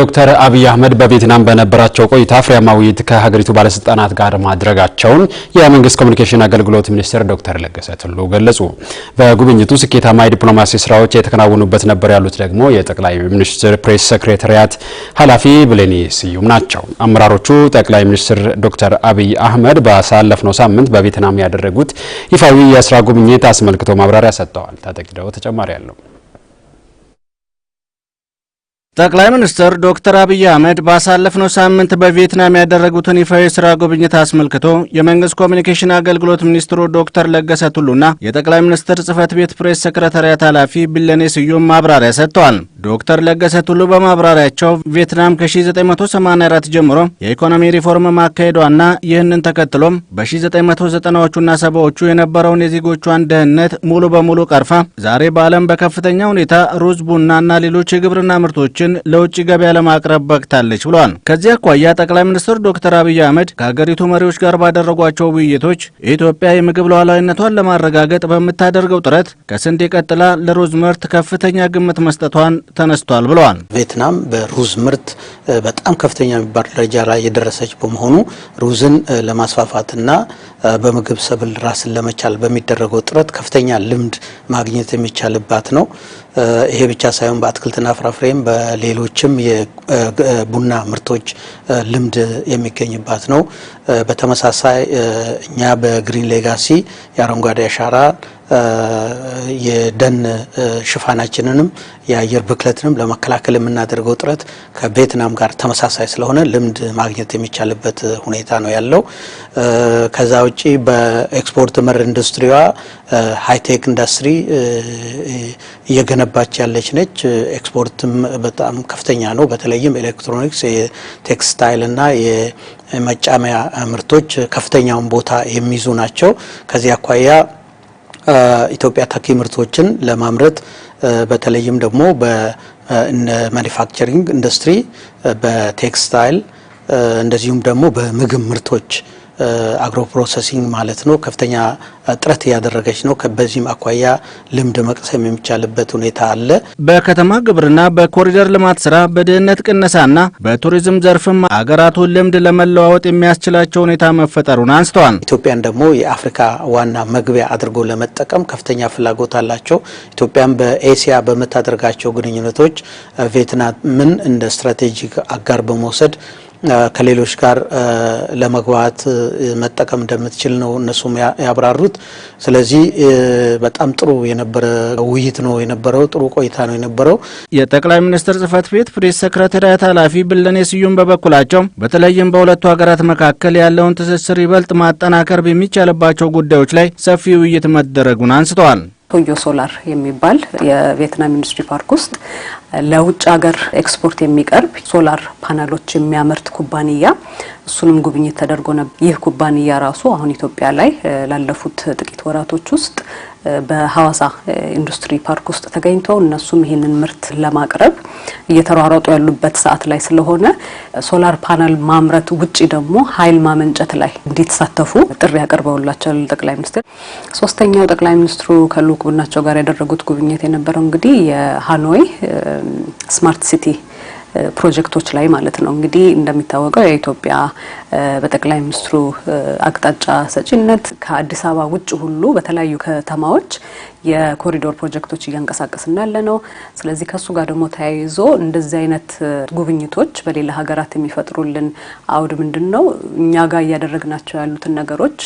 ዶክተር አብይ አህመድ በቪየትናም በነበራቸው ቆይታ ፍሬያማ ውይይት ከሀገሪቱ ባለስልጣናት ጋር ማድረጋቸውን የመንግስት ኮሚኒኬሽን አገልግሎት ሚኒስትር ዶክተር ለገሰ ቱሉ ገለጹ። በጉብኝቱ ስኬታማ የዲፕሎማሲ ስራዎች የተከናወኑበት ነበር ያሉት ደግሞ የጠቅላይ ሚኒስትር ፕሬስ ሰክሬታሪያት ኃላፊ ብሌኒ ስዩም ናቸው። አመራሮቹ ጠቅላይ ሚኒስትር ዶክተር አብይ አህመድ ባሳለፍነው ሳምንት በቪየትናም ያደረጉት ይፋዊ የስራ ጉብኝት አስመልክቶ ማብራሪያ ሰጥተዋል። ታጠቂደው ተጨማሪ ያለው። ጠቅላይ ሚኒስትር ዶክተር አብይ አህመድ ባሳለፍነው ሳምንት በቪየትናም ያደረጉትን ይፋዊ የስራ ጉብኝት አስመልክቶ የመንግስት ኮሚኒኬሽን አገልግሎት ሚኒስትሩ ዶክተር ለገሰ ቱሉና የጠቅላይ ሚኒስትር ጽህፈት ቤት ፕሬስ ሰክረታሪያት ኃላፊ ቢለኔ ስዩም ማብራሪያ ሰጥተዋል። ዶክተር ለገሰ ቱሉ በማብራሪያቸው ቪየትናም ከ1984 ጀምሮ የኢኮኖሚ ሪፎርም ማካሄዷና ይህንን ተከትሎም በ1990ዎቹና ሰባዎቹ የነበረውን የዜጎቿን ደህንነት ሙሉ በሙሉ ቀርፋ ዛሬ በዓለም በከፍተኛ ሁኔታ ሩዝ፣ ቡናና ሌሎች የግብርና ምርቶችን ግን ለውጭ ገበያ ለማቅረብ በቅታለች ብሏል። ከዚህ አኳያ ጠቅላይ ሚኒስትር ዶክተር አብይ አህመድ ከሀገሪቱ መሪዎች ጋር ባደረጓቸው ውይይቶች የኢትዮጵያ የምግብ ሉዓላዊነቷን ለማረጋገጥ በምታደርገው ጥረት ከስንዴ ቀጥላ ለሩዝ ምርት ከፍተኛ ግምት መስጠቷን ተነስቷል ብለዋል። ቬትናም በሩዝ ምርት በጣም ከፍተኛ የሚባል ደረጃ ላይ የደረሰች በመሆኑ ሩዝን ለማስፋፋትና በምግብ ሰብል ራስን ለመቻል በሚደረገው ጥረት ከፍተኛ ልምድ ማግኘት የሚቻልባት ነው። ይሄ ብቻ ሳይሆን በአትክልትና ፍራፍሬም በሌሎችም የቡና ምርቶች ልምድ የሚገኝባት ነው። በተመሳሳይ እኛ በግሪን ሌጋሲ የአረንጓዴ አሻራ የደን ሽፋናችንንም የአየር ብክለትንም ለመከላከል የምናደርገው ጥረት ከቬትናም ጋር ተመሳሳይ ስለሆነ ልምድ ማግኘት የሚቻልበት ሁኔታ ነው ያለው። ከዛ ውጪ በኤክስፖርት መር ኢንዱስትሪዋ ሃይቴክ ኢንዱስትሪ እየገነባች ያለች ነች። ኤክስፖርትም በጣም ከፍተኛ ነው። በተለይም ኤሌክትሮኒክስ፣ የቴክስታይል እና የመጫሚያ ምርቶች ከፍተኛውን ቦታ የሚይዙ ናቸው። ከዚህ አኳያ ኢትዮጵያ ተኪ ምርቶችን ለማምረት በተለይም ደግሞ በማኒፋክቸሪንግ ኢንዱስትሪ፣ በቴክስታይል እንደዚሁም ደግሞ በምግብ ምርቶች አግሮ ፕሮሰሲንግ ማለት ነው። ከፍተኛ ጥረት እያደረገች ነው። በዚህም አኳያ ልምድ መቅሰም የሚቻልበት ሁኔታ አለ። በከተማ ግብርና፣ በኮሪደር ልማት ስራ፣ በድህነት ቅነሳና በቱሪዝም ዘርፍም አገራቱ ልምድ ለመለዋወጥ የሚያስችላቸው ሁኔታ መፈጠሩን አንስተዋል። ኢትዮጵያን ደግሞ የአፍሪካ ዋና መግቢያ አድርጎ ለመጠቀም ከፍተኛ ፍላጎት አላቸው። ኢትዮጵያን በኤሲያ በምታደርጋቸው ግንኙነቶች ቬትናምን እንደ ስትራቴጂክ አጋር በመውሰድ ከሌሎች ጋር ለመግባት መጠቀም እንደምትችል ነው እነሱም ያብራሩት። ስለዚህ በጣም ጥሩ የነበረ ውይይት ነው የነበረው፣ ጥሩ ቆይታ ነው የነበረው። የጠቅላይ ሚኒስትር ጽህፈት ቤት ፕሬስ ሰክረታሪያት ኃላፊ ብለኔ ስዩም በበኩላቸው በተለይም በሁለቱ ሀገራት መካከል ያለውን ትስስር ይበልጥ ማጠናከር በሚቻልባቸው ጉዳዮች ላይ ሰፊ ውይይት መደረጉን አንስተዋል። ቶዮ ሶላር የሚባል የቪየትናም ኢንዱስትሪ ፓርክ ውስጥ ለውጭ ሀገር ኤክስፖርት የሚቀርብ ሶላር ፓናሎች የሚያመርት ኩባንያ እሱንም ጉብኝት ተደርጎ ነበር። ይህ ኩባንያ ራሱ አሁን ኢትዮጵያ ላይ ላለፉት ጥቂት ወራቶች ውስጥ በሀዋሳ ኢንዱስትሪ ፓርክ ውስጥ ተገኝቶ እነሱም ይህንን ምርት ለማቅረብ እየተሯሯጡ ያሉበት ሰዓት ላይ ስለሆነ ሶላር ፓነል ማምረት ውጪ ደግሞ ኃይል ማመንጨት ላይ እንዲተሳተፉ ጥሪ ያቀርበውላቸዋል ጠቅላይ ሚኒስትር። ሶስተኛው ጠቅላይ ሚኒስትሩ ከልዑክ ቡድናቸው ጋር ያደረጉት ጉብኝት የነበረው እንግዲህ የሃኖይ ስማርት ሲቲ ፕሮጀክቶች ላይ ማለት ነው። እንግዲህ እንደሚታወቀው የኢትዮጵያ በጠቅላይ ሚኒስትሩ አቅጣጫ ሰጪነት ከአዲስ አበባ ውጭ ሁሉ በተለያዩ ከተማዎች የኮሪዶር ፕሮጀክቶች እያንቀሳቀስን ያለ ነው። ስለዚህ ከእሱ ጋር ደግሞ ተያይዞ እንደዚህ አይነት ጉብኝቶች በሌላ ሀገራት የሚፈጥሩልን አውድ ምንድን ነው? እኛ ጋር እያደረግናቸው ያሉትን ነገሮች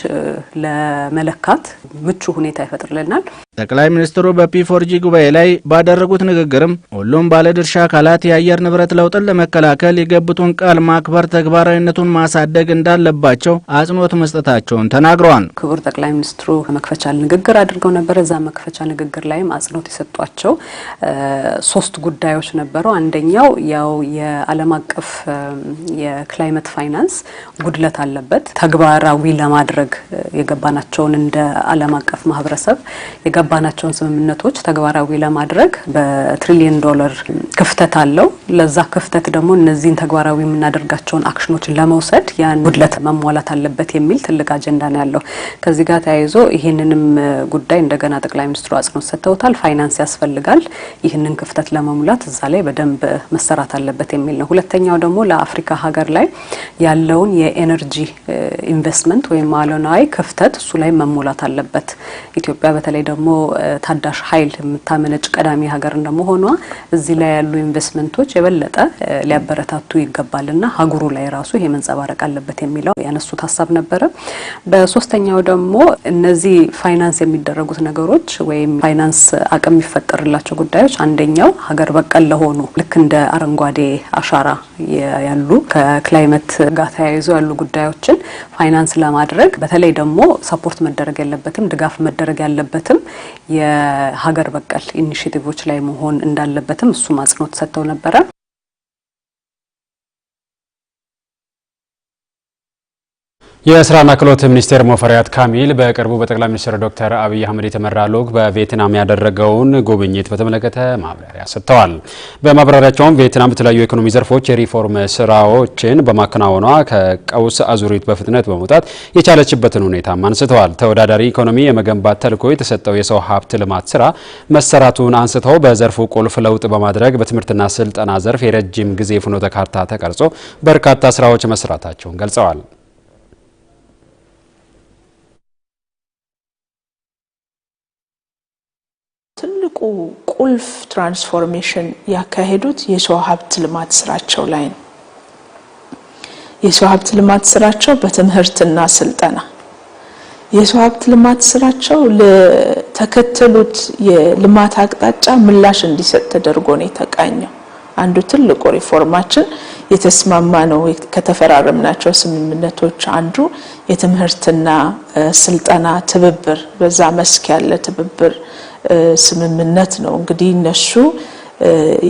ለመለካት ምቹ ሁኔታ ይፈጥርልናል። ጠቅላይ ሚኒስትሩ በፒፎርጂ ጉባኤ ላይ ባደረጉት ንግግርም ሁሉም ባለድርሻ አካላት የአየር ንብረት ለውጥን ለመከላከል የገቡትን ቃል ማክበር ተግባራዊነቱን ማሳደግ እንዳለባቸው አጽንኦት መስጠታቸውን ተናግረዋል። ክቡር ጠቅላይ ሚኒስትሩ መክፈቻ ንግግር አድርገው ነበር። እዛ መክፈቻ ንግግር ላይም አጽንኦት የሰጧቸው ሶስት ጉዳዮች ነበሩ። አንደኛው ያው የዓለም አቀፍ የክላይመት ፋይናንስ ጉድለት አለበት። ተግባራዊ ለማድረግ የገባናቸውን እንደ ዓለም አቀፍ ማህበረሰብ የገባናቸውን ስምምነቶች ተግባራዊ ለማድረግ በትሪሊየን ዶላር ክፍተት አለው። ለዛ ክፍተት ደግሞ እነዚህን ተግባራዊ የምናደርጋቸውን አክሽኖች ለመውሰድ ያን ጉድለት መሟላት አለበት የሚል ትልቅ አጀንዳ ነው ያለው። ከዚህ ጋር ተያይዞ ይህንንም ጉዳይ እንደገና ጠቅላይ ሚኒስትሩ አጽንኦት ሰጥተውታል። ፋይናንስ ያስፈልጋል። ይህንን ክፍተት ለመሙላት እዛ ላይ በደንብ መሰራት አለበት የሚል ነው። ሁለተኛው ደግሞ ለአፍሪካ ሀገር ላይ ያለውን የኤነርጂ ኢንቨስትመንት ወይም አሎናዊ ክፍተት እሱ ላይ መሞላት አለበት። ኢትዮጵያ በተለይ ደግሞ ታዳሽ ኃይል የምታመነጭ ቀዳሚ ሀገር እንደመሆኗ እዚህ ላይ ያሉ ኢንቨስትመንቶች የበለጠ ሊያበረታቱ ይገባልና ሀገሩ ላይ ራሱ ይሄ መንጸባረቅ አለበት የሚለው ያነሱት ሀሳብ ነበረ። በሶስተኛው ደግሞ እነዚህ ፋይናንስ የሚደረጉት ነገሮች ወይም ፋይናንስ አቅም የሚፈጠርላቸው ጉዳዮች አንደኛው ሀገር በቀል ለሆኑ ልክ እንደ አረንጓዴ አሻራ ያሉ ከክላይመት ጋር ተያይዞ ያሉ ጉዳዮችን ፋይናንስ ለማድረግ በተለይ ደግሞ ሰፖርት መደረግ ያለበትም ድጋፍ መደረግ ያለበትም የሀገር በቀል ኢኒሽቲቮች ላይ መሆን እንዳለበትም እሱም አጽንኦት ሰጥተው ነበረ። የስራና ክህሎት ሚኒስቴር ሞፈሪያት ካሚል በቅርቡ በጠቅላይ ሚኒስትር ዶክተር አብይ አህመድ የተመራ ልዑክ በቪየትናም ያደረገውን ጉብኝት በተመለከተ ማብራሪያ ሰጥተዋል። በማብራሪያቸውም ቪየትናም በተለያዩ የኢኮኖሚ ዘርፎች የሪፎርም ስራዎችን በማከናወኗ ከቀውስ አዙሪት በፍጥነት በመውጣት የቻለችበትን ሁኔታም አንስተዋል። ተወዳዳሪ ኢኮኖሚ የመገንባት ተልዕኮ የተሰጠው የሰው ሀብት ልማት ስራ መሰራቱን አንስተው በዘርፉ ቁልፍ ለውጥ በማድረግ በትምህርትና ስልጠና ዘርፍ የረጅም ጊዜ ፍኖተ ካርታ ተቀርጾ በርካታ ስራዎች መስራታቸውን ገልጸዋል። ቁልፍ ትራንስፎርሜሽን ያካሄዱት የሰው ሀብት ልማት ስራቸው ላይ ነው። የሰው ሀብት ልማት ስራቸው በትምህርትና ስልጠና፣ የሰው ሀብት ልማት ስራቸው ለተከተሉት የልማት አቅጣጫ ምላሽ እንዲሰጥ ተደርጎ ነው የተቃኘው። አንዱ ትልቁ ሪፎርማችን የተስማማ ነው ከተፈራረምናቸው ስምምነቶች አንዱ የትምህርትና ስልጠና ትብብር፣ በዛ መስክ ያለ ትብብር ስምምነት ነው። እንግዲህ እነሱ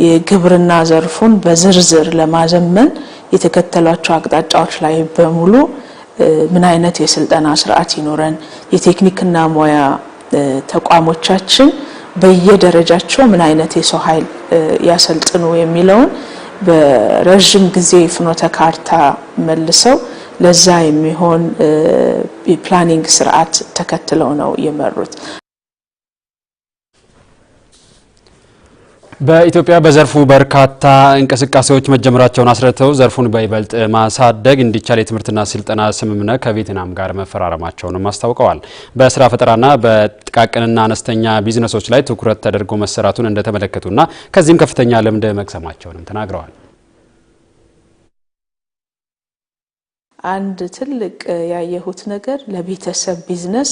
የግብርና ዘርፉን በዝርዝር ለማዘመን የተከተሏቸው አቅጣጫዎች ላይ በሙሉ ምን አይነት የስልጠና ስርዓት ይኖረን፣ የቴክኒክና ሙያ ተቋሞቻችን በየደረጃቸው ምን አይነት የሰው ኃይል ያሰልጥኑ የሚለውን በረዥም ጊዜ ፍኖተ ካርታ መልሰው ለዛ የሚሆን የፕላኒንግ ስርዓት ተከትለው ነው የመሩት። በኢትዮጵያ በዘርፉ በርካታ እንቅስቃሴዎች መጀመራቸውን አስረድተው ዘርፉን በይበልጥ ማሳደግ እንዲቻል የትምህርትና ስልጠና ስምምነት ከቬትናም ጋር መፈራረማቸውንም አስታውቀዋል። በስራ ፈጠራና በጥቃቅንና አነስተኛ ቢዝነሶች ላይ ትኩረት ተደርጎ መሰራቱን እንደተመለከቱና ከዚህም ከፍተኛ ልምድ መቅሰማቸውንም ተናግረዋል። አንድ ትልቅ ያየሁት ነገር ለቤተሰብ ቢዝነስ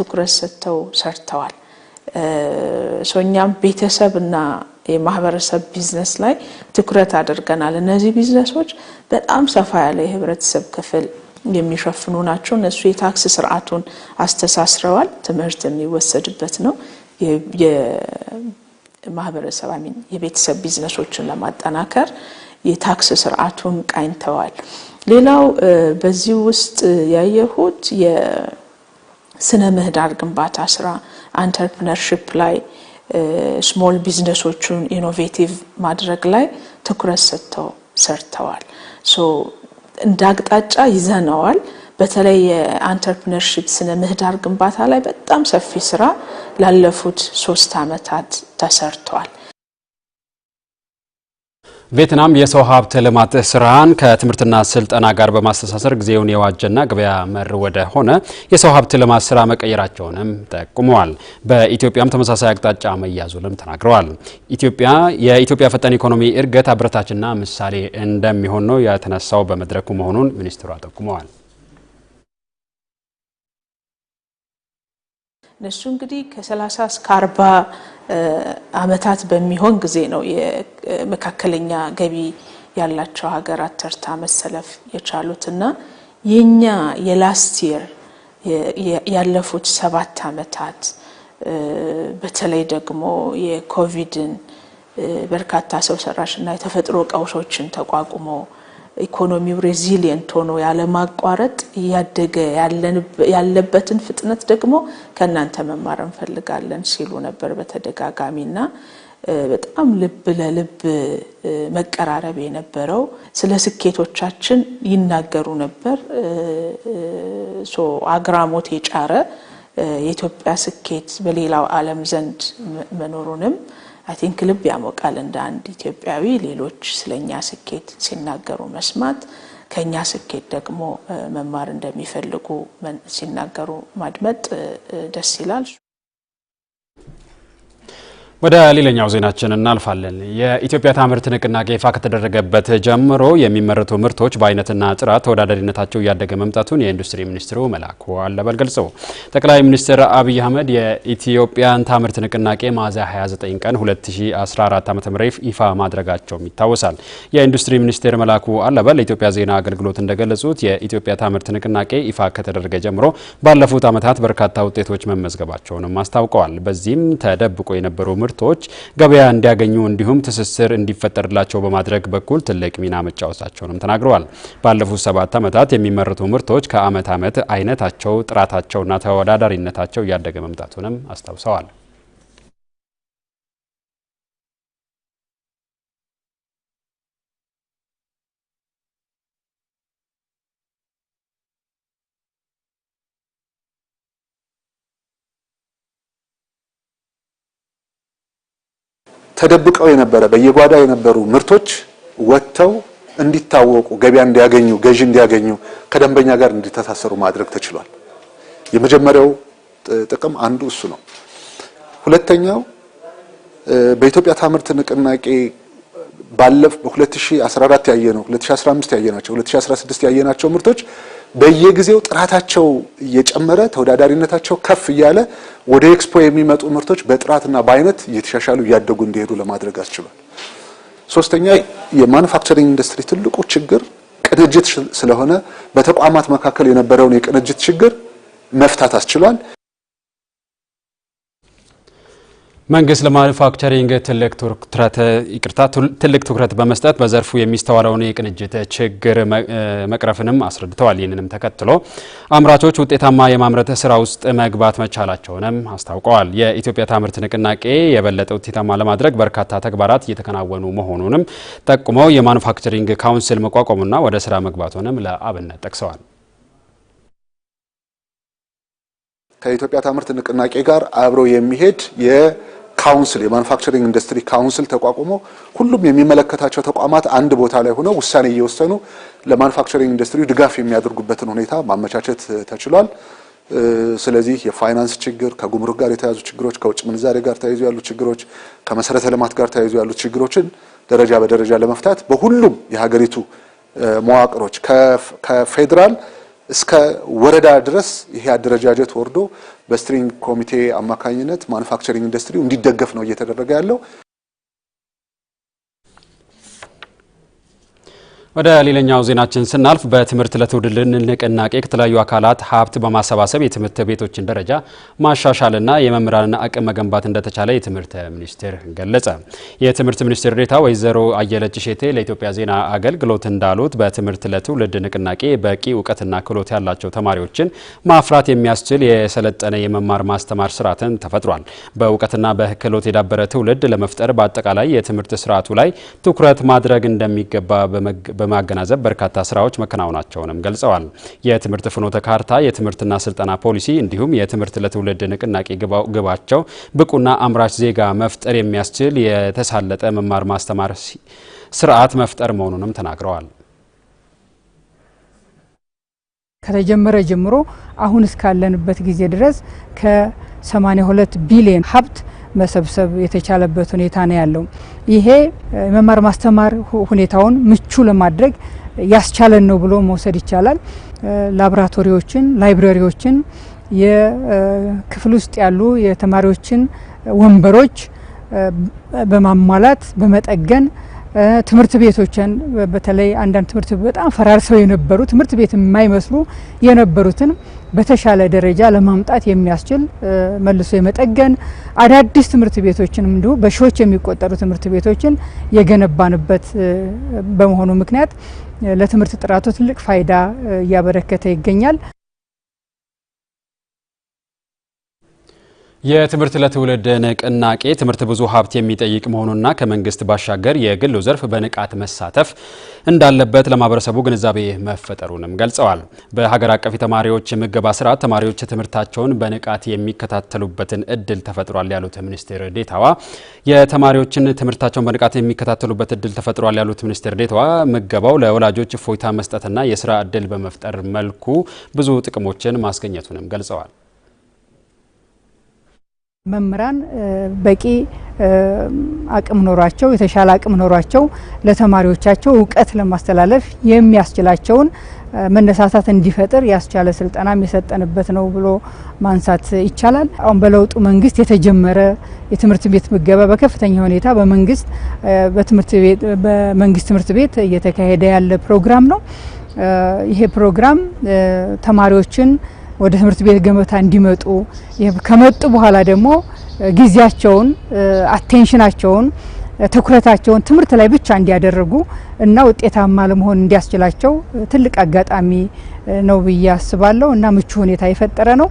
ትኩረት ሰጥተው ሰርተዋል። ሶኛም ቤተሰብ እና የማህበረሰብ ቢዝነስ ላይ ትኩረት አድርገናል። እነዚህ ቢዝነሶች በጣም ሰፋ ያለ የህብረተሰብ ክፍል የሚሸፍኑ ናቸው። እነሱ የታክስ ስርዓቱን አስተሳስረዋል። ትምህርት የሚወሰድበት ነው። የማህበረሰብ አሚን የቤተሰብ ቢዝነሶችን ለማጠናከር የታክስ ስርዓቱን ቃኝተዋል። ሌላው በዚህ ውስጥ ያየሁት የስነ ምህዳር ግንባታ ስራ አንተርፕነርሽፕ ላይ ስሞል ቢዝነሶቹን ኢኖቬቲቭ ማድረግ ላይ ትኩረት ሰጥተው ሰርተዋል። እንደ አቅጣጫ ይዘነዋል። በተለይ የአንተርፕነርሽፕ ስነ ምህዳር ግንባታ ላይ በጣም ሰፊ ስራ ላለፉት ሶስት አመታት ተሰርቷል። ቬትናም የሰው ሀብት ልማት ስራን ከትምህርትና ስልጠና ጋር በማስተሳሰር ጊዜውን የዋጀና ገበያ መር ወደ ሆነ የሰው ሀብት ልማት ስራ መቀየራቸውንም ጠቁመዋል። በኢትዮጵያም ተመሳሳይ አቅጣጫ መያዙንም ተናግረዋል። ኢትዮጵያ የኢትዮጵያ ፈጣን ኢኮኖሚ እድገት አብረታችና ምሳሌ እንደሚሆን ነው የተነሳው በመድረኩ መሆኑን ሚኒስትሯ ጠቁመዋል። እነሱ እንግዲህ ከ30 እስከ አርባ አመታት በሚሆን ጊዜ ነው የመካከለኛ ገቢ ያላቸው ሀገራት ተርታ መሰለፍ የቻሉት እና የኛ የላስት የር ያለፉት ሰባት አመታት በተለይ ደግሞ የኮቪድን በርካታ ሰው ሰራሽና የተፈጥሮ ቀውሶችን ተቋቁሞ ኢኮኖሚው ሬዚሊየንት ሆኖ ያለማቋረጥ እያደገ ያለበትን ፍጥነት ደግሞ ከእናንተ መማር እንፈልጋለን ሲሉ ነበር በተደጋጋሚና በጣም ልብ ለልብ መቀራረብ የነበረው ስለ ስኬቶቻችን ይናገሩ ነበር። አግራሞት የጫረ የኢትዮጵያ ስኬት በሌላው ዓለም ዘንድ መኖሩንም አይ ቲንክ ልብ ያሞቃል። እንደ አንድ ኢትዮጵያዊ ሌሎች ስለኛ ስኬት ሲናገሩ መስማት ከኛ ስኬት ደግሞ መማር እንደሚፈልጉ ሲናገሩ ማድመጥ ደስ ይላል። ወደ ሌላኛው ዜናችን እናልፋለን። የኢትዮጵያ ታምርት ንቅናቄ ይፋ ከተደረገበት ጀምሮ የሚመረቱ ምርቶች በአይነትና ጥራት ተወዳዳሪነታቸው እያደገ መምጣቱን የኢንዱስትሪ ሚኒስትሩ መላኩ አለበል ገልጸው ጠቅላይ ሚኒስትር አብይ አህመድ የኢትዮጵያን ታምርት ንቅናቄ ሚያዝያ 29 ቀን 2014 ዓ ም ይፋ ማድረጋቸውም ይታወሳል። የኢንዱስትሪ ሚኒስቴር መላኩ አለበል ለኢትዮጵያ ዜና አገልግሎት እንደገለጹት የኢትዮጵያ ታምርት ንቅናቄ ይፋ ከተደረገ ጀምሮ ባለፉት ዓመታት በርካታ ውጤቶች መመዝገባቸውንም አስታውቀዋል። በዚህም ተደብቆ የነበሩ ምርት ምርቶች ገበያ እንዲያገኙ እንዲሁም ትስስር እንዲፈጠርላቸው በማድረግ በኩል ትልቅ ሚና መጫወታቸውንም ተናግረዋል። ባለፉት ሰባት ዓመታት የሚመረቱ ምርቶች ከአመት ዓመት አይነታቸው፣ ጥራታቸውና ተወዳዳሪነታቸው እያደገ መምጣቱንም አስታውሰዋል። ተደብቀው የነበረ በየጓዳ የነበሩ ምርቶች ወጥተው እንዲታወቁ ገበያ እንዲያገኙ ገዢ እንዲያገኙ ከደንበኛ ጋር እንዲተሳሰሩ ማድረግ ተችሏል። የመጀመሪያው ጥቅም አንዱ እሱ ነው። ሁለተኛው በኢትዮጵያ ታምርት ንቅናቄ ባለፍ በ2014 ያየነው 2015 ያየናቸው 2016 ያየናቸው ምርቶች በየጊዜው ጥራታቸው እየጨመረ ተወዳዳሪነታቸው ከፍ እያለ ወደ ኤክስፖ የሚመጡ ምርቶች በጥራትና በአይነት እየተሻሻሉ እያደጉ እንዲሄዱ ለማድረግ አስችሏል። ሶስተኛ የማኑፋክቸሪንግ ኢንዱስትሪ ትልቁ ችግር ቅንጅት ስለሆነ በተቋማት መካከል የነበረውን የቅንጅት ችግር መፍታት አስችሏል። መንግስት ለማኑፋክቸሪንግ ትልቅ ትኩረት ይቅርታ ትልቅ ትኩረት በመስጠት በዘርፉ የሚስተዋለውን የቅንጅት ችግር መቅረፍንም አስረድተዋል። ይህንንም ተከትሎ አምራቾች ውጤታማ የማምረት ስራ ውስጥ መግባት መቻላቸውንም አስታውቀዋል። የኢትዮጵያ ታምርት ንቅናቄ የበለጠ ውጤታማ ለማድረግ በርካታ ተግባራት እየተከናወኑ መሆኑንም ጠቁመው የማኑፋክቸሪንግ ካውንስል መቋቋሙና ወደ ስራ መግባቱንም ለአብነት ጠቅሰዋል። ከኢትዮጵያ ታምርት ንቅናቄ ጋር አብሮ የሚሄድ የካውንስል የማኑፋክቸሪንግ ኢንዱስትሪ ካውንስል ተቋቁሞ ሁሉም የሚመለከታቸው ተቋማት አንድ ቦታ ላይ ሆነው ውሳኔ እየወሰኑ ለማኑፋክቸሪንግ ኢንዱስትሪ ድጋፍ የሚያደርጉበትን ሁኔታ ማመቻቸት ተችሏል። ስለዚህ የፋይናንስ ችግር፣ ከጉምሩክ ጋር የተያዙ ችግሮች፣ ከውጭ ምንዛሬ ጋር ተያይዞ ያሉ ችግሮች፣ ከመሰረተ ልማት ጋር ተያይዞ ያሉ ችግሮችን ደረጃ በደረጃ ለመፍታት በሁሉም የሀገሪቱ መዋቅሮች ከፌዴራል እስከ ወረዳ ድረስ ይሄ አደረጃጀት ወርዶ በስትሪንግ ኮሚቴ አማካኝነት ማኑፋክቸሪንግ ኢንዱስትሪው እንዲደገፍ ነው እየተደረገ ያለው። ወደ ሌላኛው ዜናችን ስናልፍ በትምህርት ለትውልድ ንቅናቄ ከተለያዩ አካላት ሀብት በማሰባሰብ የትምህርት ቤቶችን ደረጃ ማሻሻልና የመምህራንን አቅም መገንባት እንደተቻለ የትምህርት ሚኒስቴር ገለጸ። የትምህርት ሚኒስትር ዴኤታ ወይዘሮ አየለች እሸቴ ለኢትዮጵያ ዜና አገልግሎት እንዳሉት በትምህርት ለትውልድ ንቅናቄ በቂ እውቀትና ክህሎት ያላቸው ተማሪዎችን ማፍራት የሚያስችል የሰለጠነ የመማር ማስተማር ስርዓትን ተፈጥሯል። በእውቀትና በክህሎት የዳበረ ትውልድ ለመፍጠር በአጠቃላይ የትምህርት ስርዓቱ ላይ ትኩረት ማድረግ እንደሚገባ በማገናዘብ በርካታ ስራዎች መከናወናቸውንም ገልጸዋል። የትምህርት ፍኖተ ካርታ፣ የትምህርትና ስልጠና ፖሊሲ እንዲሁም የትምህርት ለትውልድ ንቅናቄ ግባቸው ብቁና አምራች ዜጋ መፍጠር የሚያስችል የተሳለጠ መማር ማስተማር ስርዓት መፍጠር መሆኑንም ተናግረዋል። ከተጀመረ ጀምሮ አሁን እስካለንበት ጊዜ ድረስ ከ82 ቢሊዮን ሀብት መሰብሰብ የተቻለበት ሁኔታ ነው ያለው። ይሄ መማር ማስተማር ሁኔታውን ምቹ ለማድረግ ያስቻለን ነው ብሎ መውሰድ ይቻላል። ላብራቶሪዎችን፣ ላይብረሪዎችን፣ የክፍል ውስጥ ያሉ የተማሪዎችን ወንበሮች በማሟላት በመጠገን ትምህርት ቤቶችን በተለይ አንዳንድ ትምህርት በጣም ፈራርሰው የነበሩ ትምህርት ቤት የማይመስሉ የነበሩትን በተሻለ ደረጃ ለማምጣት የሚያስችል መልሶ የመጠገን አዳዲስ ትምህርት ቤቶችንም እንዲሁ በሺዎች የሚቆጠሩ ትምህርት ቤቶችን የገነባንበት በመሆኑ ምክንያት ለትምህርት ጥራቱ ትልቅ ፋይዳ እያበረከተ ይገኛል። የትምህርት ለትውልድ ንቅናቄ ትምህርት ብዙ ሀብት የሚጠይቅ መሆኑና ከመንግስት ባሻገር የግሉ ዘርፍ በንቃት መሳተፍ እንዳለበት ለማህበረሰቡ ግንዛቤ መፈጠሩንም ገልጸዋል። በሀገር አቀፍ የተማሪዎች ምገባ ስርዓት ተማሪዎች ትምህርታቸውን በንቃት የሚከታተሉበትን እድል ተፈጥሯል ያሉት ሚኒስትር ዴታዋ የተማሪዎችን ትምህርታቸውን በንቃት የሚከታተሉበት እድል ተፈጥሯል ያሉት ሚኒስትር ዴታዋ ምገባው ለወላጆች እፎይታ መስጠትና የስራ እድል በመፍጠር መልኩ ብዙ ጥቅሞችን ማስገኘቱንም ገልጸዋል። መምህራን በቂ አቅም ኖሯቸው የተሻለ አቅም ኖሯቸው ለተማሪዎቻቸው እውቀት ለማስተላለፍ የሚያስችላቸውን መነሳሳት እንዲፈጥር ያስቻለ ስልጠና የሰጠንበት ነው ብሎ ማንሳት ይቻላል። አሁን በለውጡ መንግስት የተጀመረ የትምህርት ቤት ምገባ በከፍተኛ ሁኔታ በመንግስት በመንግስት ትምህርት ቤት እየተካሄደ ያለ ፕሮግራም ነው። ይሄ ፕሮግራም ተማሪዎችን ወደ ትምህርት ቤት ገበታ እንዲመጡ ከመጡ በኋላ ደግሞ ጊዜያቸውን አቴንሽናቸውን ትኩረታቸውን ትምህርት ላይ ብቻ እንዲያደርጉ እና ውጤታማ ለመሆን እንዲያስችላቸው ትልቅ አጋጣሚ ነው ብዬ አስባለሁ እና ምቹ ሁኔታ የፈጠረ ነው።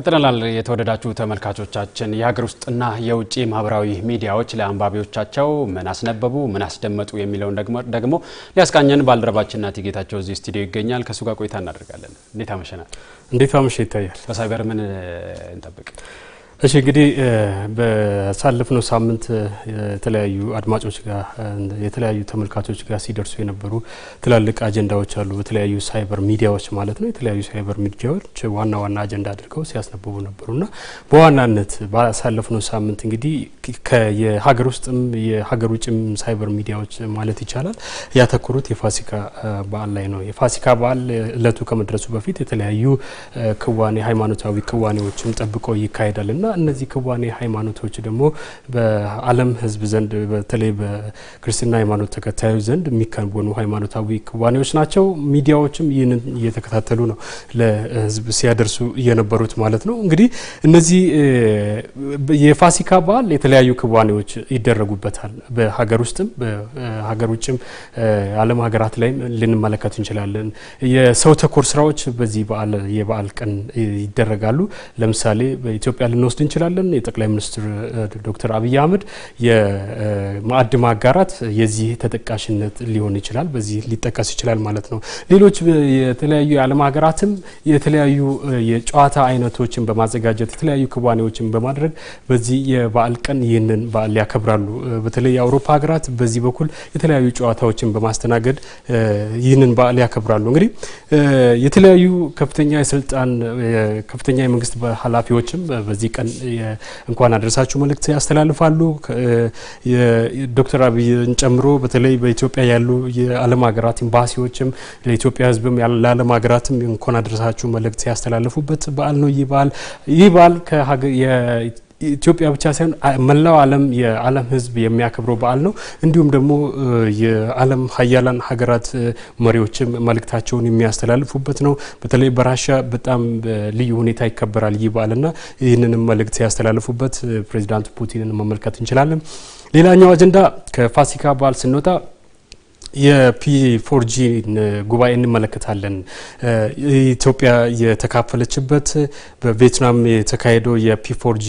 ቀጥለናል። የተወደዳችሁ ተመልካቾቻችን የሀገር ውስጥና የውጭ ማህበራዊ ሚዲያዎች ለአንባቢዎቻቸው ምን አስነበቡ፣ ምን አስደመጡ የሚለውን ደግሞ ሊያስቃኘን ባልደረባችን ናቲ ጌታቸው እዚህ ስቱዲዮ ይገኛል። ከእሱ ጋር ቆይታ እናደርጋለን። እንዴት አመሸናል? እንዴት አመሸ ይታያል። በሳይበር ምን እንጠብቅ? እሺ እንግዲህ በሳለፍነው ሳምንት የተለያዩ አድማጮች ጋር የተለያዩ ተመልካቾች ጋር ሲደርሱ የነበሩ ትላልቅ አጀንዳዎች አሉ። በተለያዩ ሳይበር ሚዲያዎች ማለት ነው። የተለያዩ ሳይበር ሚዲያዎች ዋና ዋና አጀንዳ አድርገው ሲያስነብቡ ነበሩና በዋናነት ባሳለፍነው ሳምንት እንግዲህ የሀገር ውስጥም የሀገር ውጭም ሳይበር ሚዲያዎች ማለት ይቻላል ያተኮሩት የፋሲካ በዓል ላይ ነው። የፋሲካ በዓል እለቱ ከመድረሱ በፊት የተለያዩ ክዋኔ ሃይማኖታዊ ክዋኔዎችም ጠብቀው ይካሄዳል እና እነዚህ ክዋኔ ሃይማኖቶች ደግሞ በዓለም ህዝብ ዘንድ በተለይ በክርስትና ሃይማኖት ተከታዮች ዘንድ የሚከወኑ ሃይማኖታዊ ክዋኔዎች ናቸው። ሚዲያዎችም ይህንን እየተከታተሉ ነው ለህዝብ ሲያደርሱ እየነበሩት ማለት ነው። እንግዲህ እነዚህ የፋሲካ በዓል የተለያዩ ክዋኔዎች ይደረጉበታል። በሀገር ውስጥም በሀገር ውጭም ዓለም ሀገራት ላይም ልንመለከት እንችላለን። የሰው ተኮር ስራዎች በዚህ በዓል የበዓል ቀን ይደረጋሉ። ለምሳሌ በኢትዮጵያ ልንወስድ ልንወስድ እንችላለን። የጠቅላይ ሚኒስትር ዶክተር አብይ አህመድ የማዕድ ማጋራት የዚህ ተጠቃሽነት ሊሆን ይችላል፣ በዚህ ሊጠቀስ ይችላል ማለት ነው። ሌሎች የተለያዩ የዓለም ሀገራትም የተለያዩ የጨዋታ አይነቶችን በማዘጋጀት የተለያዩ ክዋኔዎችን በማድረግ በዚህ የበዓል ቀን ይህንን በዓል ያከብራሉ። በተለይ የአውሮፓ ሀገራት በዚህ በኩል የተለያዩ ጨዋታዎችን በማስተናገድ ይህንን በዓል ያከብራሉ። እንግዲህ የተለያዩ ከፍተኛ የስልጣን ከፍተኛ የመንግስት ኃላፊዎችም በዚህ ቀን እንኳን አደረሳችሁ መልእክት ያስተላልፋሉ። ዶክተር አብይን ጨምሮ በተለይ በኢትዮጵያ ያሉ የዓለም ሀገራት ኤምባሲዎችም ለኢትዮጵያ ሕዝብም ለዓለም ሀገራትም እንኳን አደረሳችሁ መልእክት ያስተላልፉበት በዓል ነው። ይህ በዓል ይህ በዓል ኢትዮጵያ ብቻ ሳይሆን መላው ዓለም የዓለም ሕዝብ የሚያከብረው በዓል ነው። እንዲሁም ደግሞ የዓለም ሀያላን ሀገራት መሪዎችም መልእክታቸውን የሚያስተላልፉበት ነው። በተለይ በራሻ በጣም ልዩ ሁኔታ ይከበራል ይህ በዓልና ይህንንም መልእክት ያስተላልፉበት ፕሬዚዳንት ፑቲንን መመልከት እንችላለን። ሌላኛው አጀንዳ ከፋሲካ በዓል ስንወጣ የፒ 4 ጉባኤ እንመለከታለን። ኢትዮጵያ የተካፈለችበት በቪየትናም የተካሄደው የፒ4ጂ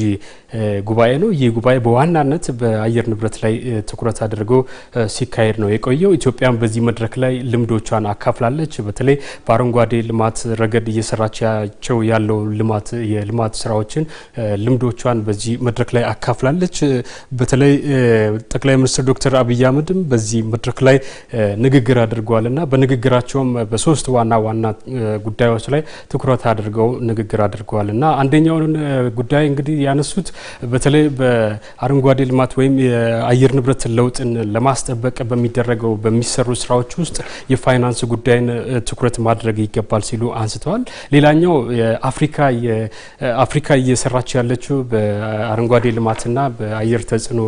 ጉባኤ ነው። ይህ ጉባኤ በዋናነት በአየር ንብረት ላይ ትኩረት አድርጎ ሲካሄድ ነው የቆየው። ኢትዮጵያም በዚህ መድረክ ላይ ልምዶቿን አካፍላለች። በተለይ በአረንጓዴ ልማት ረገድ እየሰራቻቸው ያለው ልማት የልማት ስራዎችን ልምዶቿን በዚህ መድረክ ላይ አካፍላለች። በተለይ ጠቅላይ ሚኒስትር ዶክተር አብይ አህመድም በዚህ መድረክ ላይ ንግግር አድርገዋል እና በንግግራቸውም በሶስት ዋና ዋና ጉዳዮች ላይ ትኩረት አድርገው ንግግር አድርገዋል እና አንደኛውን ጉዳይ እንግዲህ ያነሱት በተለይ በአረንጓዴ ልማት ወይም የአየር ንብረት ለውጥን ለማስጠበቅ በሚደረገው በሚሰሩ ስራዎች ውስጥ የፋይናንስ ጉዳይን ትኩረት ማድረግ ይገባል ሲሉ አንስተዋል። ሌላኛው አፍሪካ እየሰራች ያለችው በአረንጓዴ ልማትና በአየር ተጽዕኖ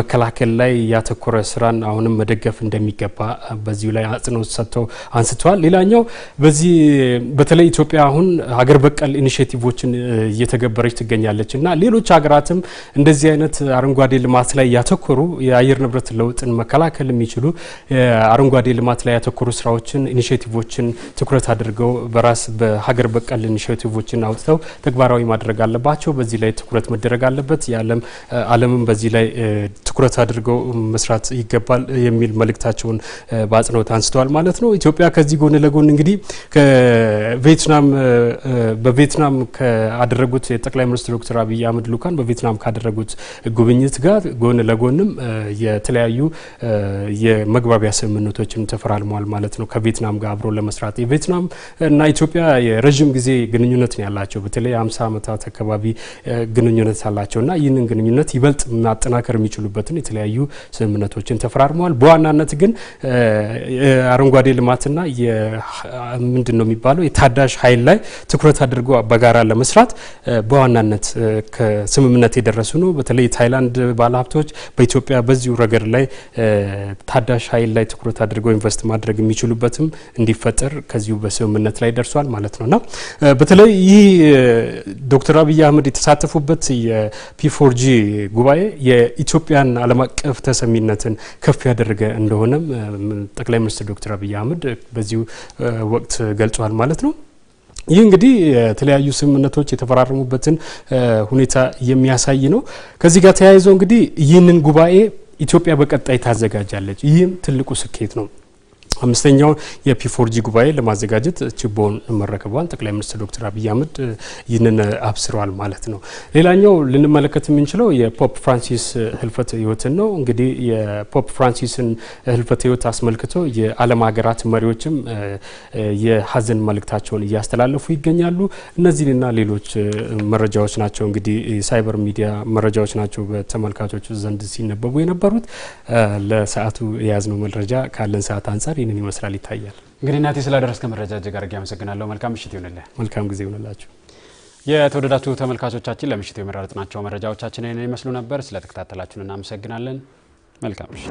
መከላከል ላይ ያተኮረ ስራን አሁንም መደገፍ እንደሚገ እንደሚገባ በዚሁ ላይ አጽንኦት ሰጥተው አንስተዋል። ሌላኛው በዚህ በተለይ ኢትዮጵያ አሁን ሀገር በቀል ኢኒሽቲቮችን እየተገበረች ትገኛለች እና ሌሎች ሀገራትም እንደዚህ አይነት አረንጓዴ ልማት ላይ ያተኮሩ የአየር ንብረት ለውጥን መከላከል የሚችሉ አረንጓዴ ልማት ላይ ያተኮሩ ስራዎችን ኢኒሽቲቮችን ትኩረት አድርገው በራስ በሀገር በቀል ኢኒሽቲቮችን አውጥተው ተግባራዊ ማድረግ አለባቸው። በዚህ ላይ ትኩረት መደረግ አለበት። የዓለም ዓለምም በዚህ ላይ ትኩረት አድርገው መስራት ይገባል የሚል መልክታቸው። መሆኑን በአጽንኦት አንስተዋል ማለት ነው። ኢትዮጵያ ከዚህ ጎን ለጎን እንግዲህ ከቪየትናም በቬትናም ካደረጉት የጠቅላይ ሚኒስትር ዶክተር አብይ አህመድ ልኡካን በቬትናም ካደረጉት ጉብኝት ጋር ጎን ለጎንም የተለያዩ የመግባቢያ ስምምነቶችን ተፈራርመዋል ማለት ነው። ከቬትናም ጋር አብሮ ለመስራት የቬትናም እና ኢትዮጵያ የረዥም ጊዜ ግንኙነት ነው ያላቸው በተለይ አምሳ ዓመታት አካባቢ ግንኙነት አላቸው እና ይህንን ግንኙነት ይበልጥ ማጠናከር የሚችሉበትን የተለያዩ ስምምነቶችን ተፈራርመዋል። በዋናነት ግን አረንጓዴ ልማትና ምንድን ነው የሚባለው የታዳሽ ኃይል ላይ ትኩረት አድርጎ በጋራ ለመስራት በዋናነት ከስምምነት የደረሱ ነው። በተለይ የታይላንድ ባለሀብቶች በኢትዮጵያ በዚሁ ረገድ ላይ ታዳሽ ኃይል ላይ ትኩረት አድርገው ኢንቨስት ማድረግ የሚችሉበትም እንዲፈጠር ከዚሁ በስምምነት ላይ ደርሷል ማለት ነውና በተለይ ይህ ዶክተር አብይ አህመድ የተሳተፉበት የፒፎርጂ ጉባኤ የኢትዮጵያን ዓለም አቀፍ ተሰሚነትን ከፍ ያደረገ እንደሆነም ጠቅላይ ሚኒስትር ዶክተር አብይ አህመድ በዚሁ ወቅት ገልጿል ማለት ነው። ይህ እንግዲህ የተለያዩ ስምምነቶች የተፈራረሙበትን ሁኔታ የሚያሳይ ነው። ከዚህ ጋር ተያይዞ እንግዲህ ይህንን ጉባኤ ኢትዮጵያ በቀጣይ ታዘጋጃለች። ይህም ትልቁ ስኬት ነው። አምስተኛውን የፒፎርጂ ጉባኤ ለማዘጋጀት ችቦን መረከቧን ጠቅላይ ሚኒስትር ዶክተር አብይ አህመድ ይህንን አብስረዋል ማለት ነው። ሌላኛው ልንመለከት የምንችለው የፖፕ ፍራንሲስ ህልፈት ህይወትን ነው። እንግዲህ የፖፕ ፍራንሲስን ህልፈት ህይወት አስመልክቶ የዓለም ሀገራት መሪዎችም የሀዘን መልእክታቸውን እያስተላለፉ ይገኛሉ። እነዚህንና ሌሎች መረጃዎች ናቸው እንግዲህ ሳይበር ሚዲያ መረጃዎች ናቸው በተመልካቾች ዘንድ ሲነበቡ የነበሩት። ለሰዓቱ የያዝነው መረጃ ካለን ሰዓት አንጻር ይህንን ይመስላል ይታያል። እንግዲህ እናቴ ስላደረስከ መረጃ እጅግ አድርጌ አመሰግናለሁ። መልካም ምሽት ይሆንልህ። መልካም ጊዜ ይሁንላችሁ። የተወደዳችሁ ተመልካቾቻችን ለምሽቱ የመረጥናቸው መረጃዎቻችን ይህንን ይመስሉ ነበር። ስለተከታተላችሁን እናመሰግናለን። መልካም ምሽት